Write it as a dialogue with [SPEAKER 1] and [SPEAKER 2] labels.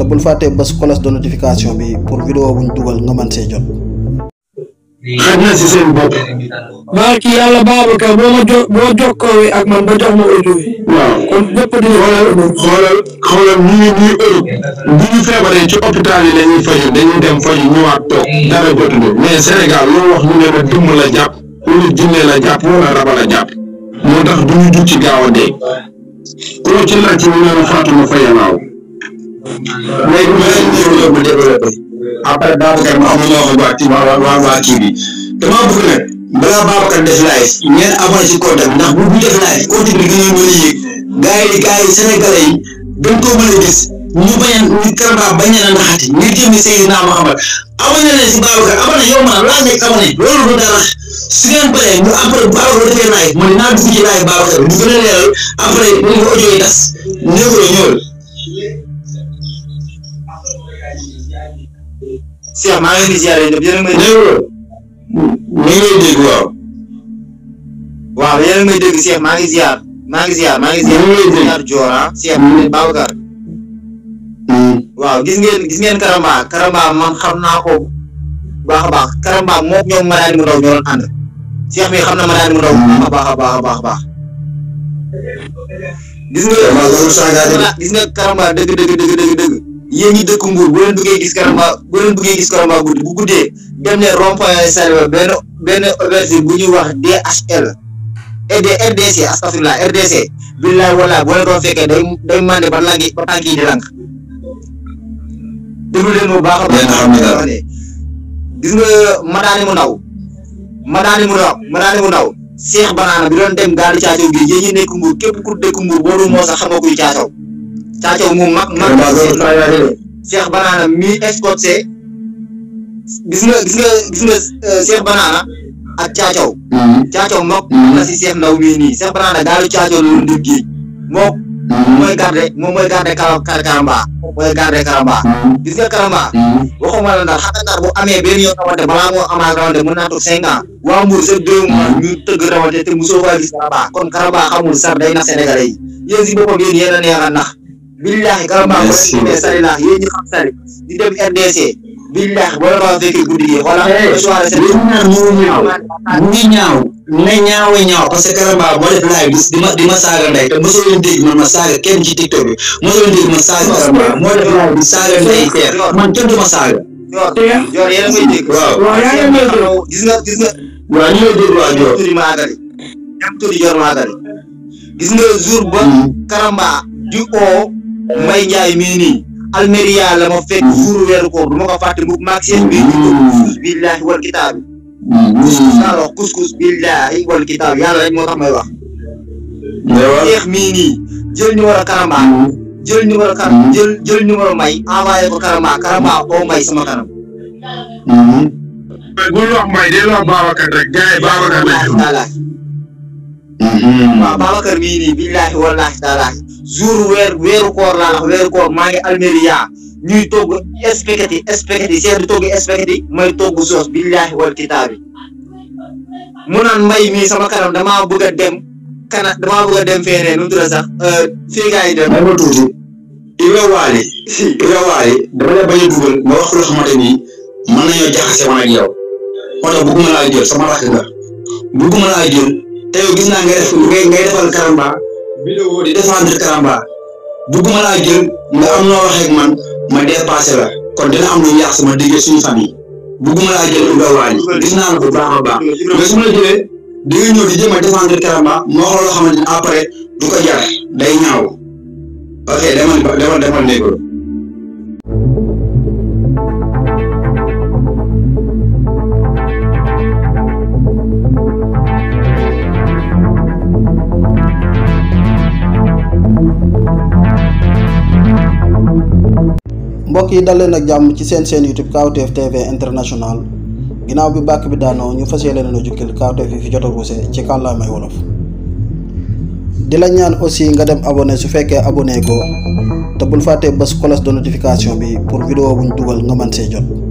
[SPEAKER 1] te bul fàttee bés cloche de notification bi pour vidéo buñ dugal nga mën see jot. xam na si seen bopp.
[SPEAKER 2] maa ki yàlla Babacar boo ma jo boo jokkoowee ak man ba jox ma audio yi. waaw kon ñëpp di. xoolal xoolal xoolal ñu ngi ñuy Europe bu ñu feebaree ci hôpital yi dañuy faju dañuy dem faju ñëwaat toog dara jotuñu mais Sénégal loo wax ñu ne la dëmm la jàpp wala jinne la jàpp wala raba la jàpp moo tax du ñu jug ci gaaw a dee. ku ci laaj ci ñu ne la Fatou ma fayalaaw. léegi bu leen ñëw yow ma développé après Babacar ma am na ñoo xam waa waa waa kii bi damaa bëgg nag balaa Babacar def live ngeen avancé contact ndax bu bu def live contact bi gën a mën a yéeg gars yi gars yi sénégalais yi gën koo mën a gis ñu bañ a ñu Karamba bañ a naxati ñu jëm Seydina Muhammad abonné leen si laa nekk abonné loolu du dara su ngeen paree ñu après Babacar defee naa dugg ci live Babacar ñu gën a leeral après ñu ngi audio yi Cheikh maa ngi leen di ziare ñoom yéen a ngi may dégg. mi ngi lay dégg waaw. waaw yéen a ngi may dégg Cheikh maa ngi ziar maa ngi ziar maa ngi ziar. mi ngi lay ziar Dior ah Cheikh Babacar. waaw gis ngeen gis ngeen Karamba Karamba man xam naa ko bu baax a baax Karamba moom ñoom Madani mu ndaw ñoo doon ànd. Cheikh mi xam na mu ndaw baax baax baax baax. gis nga. gis nga Karamba dëgg dëgg dëgg dëgg dëgg. yéen ñi dëkk Mbour bu leen gis Karamba bu leen bëggee gis Karamba guddi bu guddee dem ne rond-point Saint-Louis benn benn ouverture bu ñuy wax DHL et de RDC day mande ba langi ba tànk yi di lang déglu leen bu baax a baax gis nga madaani mu ndaw madaani mu ndaw mu ndaw Cheikh Banaana bi doon dem gaal di ku dëkk Mbour boo dul moo kuy caacaw caacaw mu mag mag Cheikh Banana mi escorté gis nga gis nga gis nga euh, Cheikh Banana ak caacaw mhm. mhm. na si Cheikh Banana gaalu caacaw loolu dugg géej mook mhm. moom mooy garde moom mooy garde karamba mooy garde karamba gis nga karamba waxuma la ndax xanaa ndax bu amee benn yoon rawante balaa moo amaat rawante mën naa toog cinq ans te mosoo faa gis karamba kon karamba xamul sar day nax sénégalais
[SPEAKER 1] yi yéen si boppam yéen yéen
[SPEAKER 2] a billaahi garabaa ko si ne sali laax yéen ñu xam sali di dem RDC billaahi boo la wax fekkee guddi yi xoolal eh, li ñaaw mu ngi ñaaw ñaaw ñaaw parce que garabaa boo di ma di te mosoo leen dégg ma saaga kenn ci TikTok bi mosoo dégg man saaga moo def live di saaga ndey teer man kenn ma saaga joor joor yéen a koy dégg waaw joor tuddi ma àggali tuddi joor ma àggali gis may jaay mii nii almeria la ma fekk jour weeru koor du ma ko fàtte mukk maag seen bi ñu billaahi wal kitaab couscous rek moo may wax jeex mii nii jël numéro karamba jël mm-hmm. may envoyé ko karamba karamba oo sama kanam mm-hmm. bul wax may del billaahi wallaahi taalaahi mm-hmm. jour weer weeru koor laa wax weeru koor maa ngi Almeria ñuy togg spaghetti spaghetti seetu togg spaghetti may togg soos billahi wal kitaabi mu naan mbay mii sama kanam damaa bëgg a dem kana damaa bëgg a dem feneen sax euh, fii gars yi dem. ma tuuti Ibra Waly Ibra Waly dama lay bañ a dugal ma wax loo xamante ni mën nañoo jaxase man ak yow moo tax bëgguma laa jël sama rakk nga vidéo di défendre Karamba bugguma laa jël nga am noo waxee ak man ma dépassé la kon dina am lu yàq sama digg suñu famille bugguma laa jël nga wàññi gis naa la bu baax a baax mais su di nga di jéem a défendre Karamba moo xam loo xamante ni après du ko jar day ñaaw ok demal demal
[SPEAKER 1] mbokk yi dalee na jàmm ci seen seen YouTube Kawtef TV international ginnaaw bi bàkk bi daanoo ñu fas yéene na jukkil Kawtef yi fi jot a ruuse ci kàllaamay wolof. di la ñaan aussi nga dem abonné su
[SPEAKER 2] fekkee abonné ko te bul fàtte bës cloche de notification bi pour vidéo buñ dugal nga mën see jot.